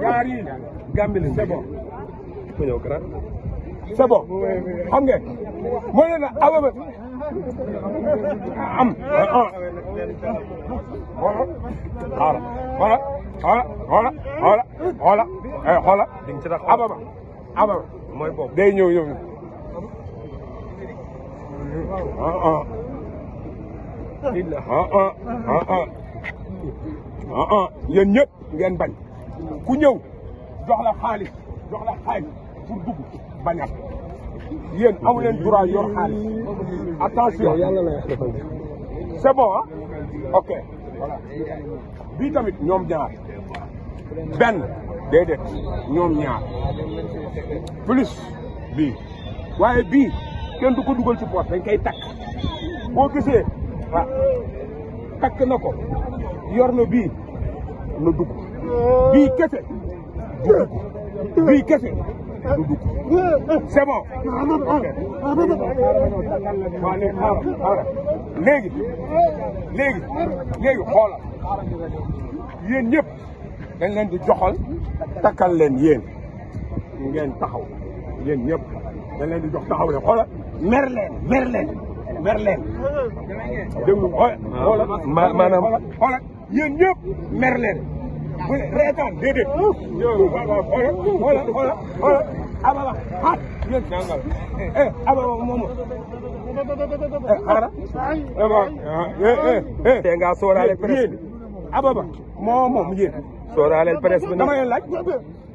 ñaar yi Gambie la c'est bon. ma ñëw grand c'est bon xam ngeen mooy leen awe ba am ah xoola xoola xoola xoola xoola xoola di nga ci tax ababa ababa mooy boobu day ñëw ñëw ah ah ah ah ah, ah. ah, ah. yéen ñëpp ngeen bañ ku ñëw jox la xaalis jox la xaalis pour dugg bañal yéen amu leen droit xaalis attention c'est bon bii tamit ñoom ñaar benn déedéet ñoom ñaar plus bii waaye bii kenn du ko dugal ci poche dañ koy takk boo gisee waaw ah, takk na ko yor na bii na dugg bii kese du dugg bii kese du dugg c'est bon. waaw léegi xaaral xaaral léegi léegi léegi xoolal yéen ñëpp dañ leen di joxal takkal leen yéen ngeen taxaw yéen ñëpp dañ leen di jox taxaw leen xoolal mer leen mer leen mer leen déglu xoolal maanaam xoolal yéen ñëpp mer leen mu ne reetaan déedéet. voilà voilà voilà voilà ababa xaar yéen jàngal eh ababa moomu. xaaral eh eh nga sóoraale ababa moo moom yéen. sóoraale presse bi dama leen laaj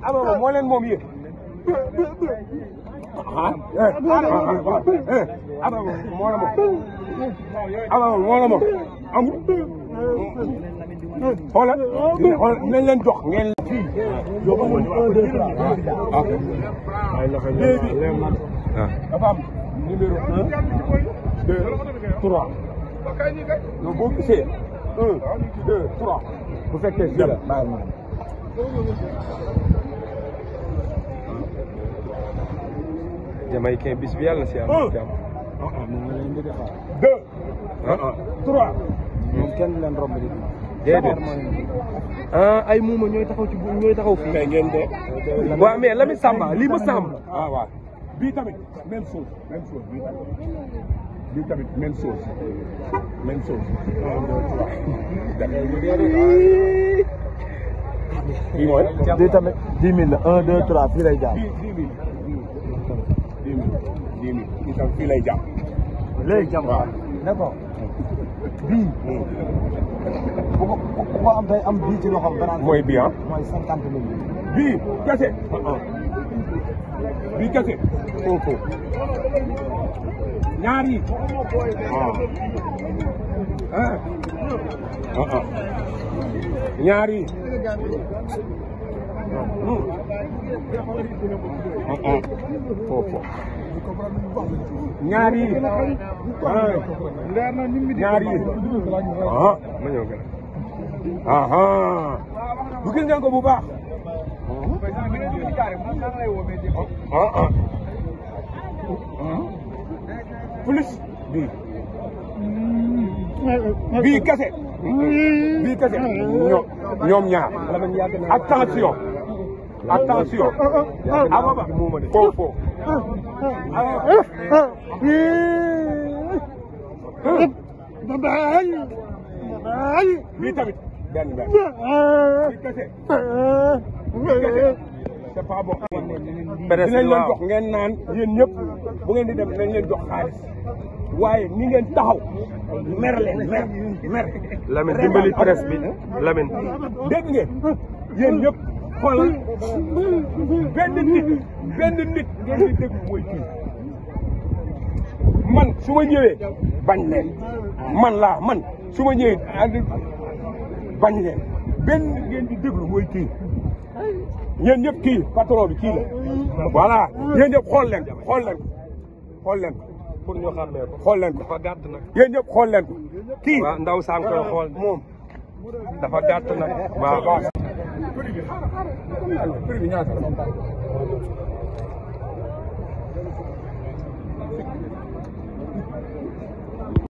ababa moo leen moom yéen. ababa moo la moom ababa moo moom amul. xoolal xoolal nañ leen jox ngeen. ah. dafa am numéro un deux trois. donc boo gisee un deux trois. bu fekkee fii la bàyyi ma. Jamaïcain bis bi yàlla na si am. deux. Ah, ah. trois. ñoom kenn leen romb di déedéet ah ay muuma ñooy taxaw ci ñooy taxaw fii. mais ngeen de. waaw mais Lamine Samba lii ma Samba. ah waaw bii tamit même chose même chose bii tamit bii tamit même chose même chose. bii mooy. bii tamit dix mille la un deux trois fii lay jaar. dix mille dix mille dix mille fii lay jaar. léegi jàmm waaw d'accord. bii. am ci loxoom. beneen mooy bii ah. mooy cinquante mille. bii kese. Ah, ah. bii kese. foofu. ñaar yi. ah. ah, ah ñaari yi ñaar yi ah ma ñëw gën a ah, ah. bu gis ngeen ko bu baax ah ah, ah. plus bii hmm. bii kese bii kese ñoom ñaar attention attention ababa foofu lii tamit benn benn lii kese lii kese c'est pas bon. dinañ leen jox ngeen naan yéen ñëpp bu ngeen di dem dinañ leen jox xaalis waaye ni ngeen taxaw mer leen mer mer. Lamine dimbali presse bi Lamine. dégg ngeen yéen ñëpp xoolal. benn nit benn nit ngeen di déglu mooy kii man su ma ñëwee bañ leen man laa man su ma ñëwee bañ leen benn nit ngeen di déglu mooy kii yéen ñëpp kii patron bi kii la voilà yéen ñëpp xool leen xool leen xool leen pour ñu xàmmee ko xool leen ko dafa gàtt nag yéen ñëpp xool leen ko kii waaw ndaw sànq koy xool moom dafa gàtt nag waaw prix bi xaaral ah, ah, xaaral xam naa la prix bi ñaata la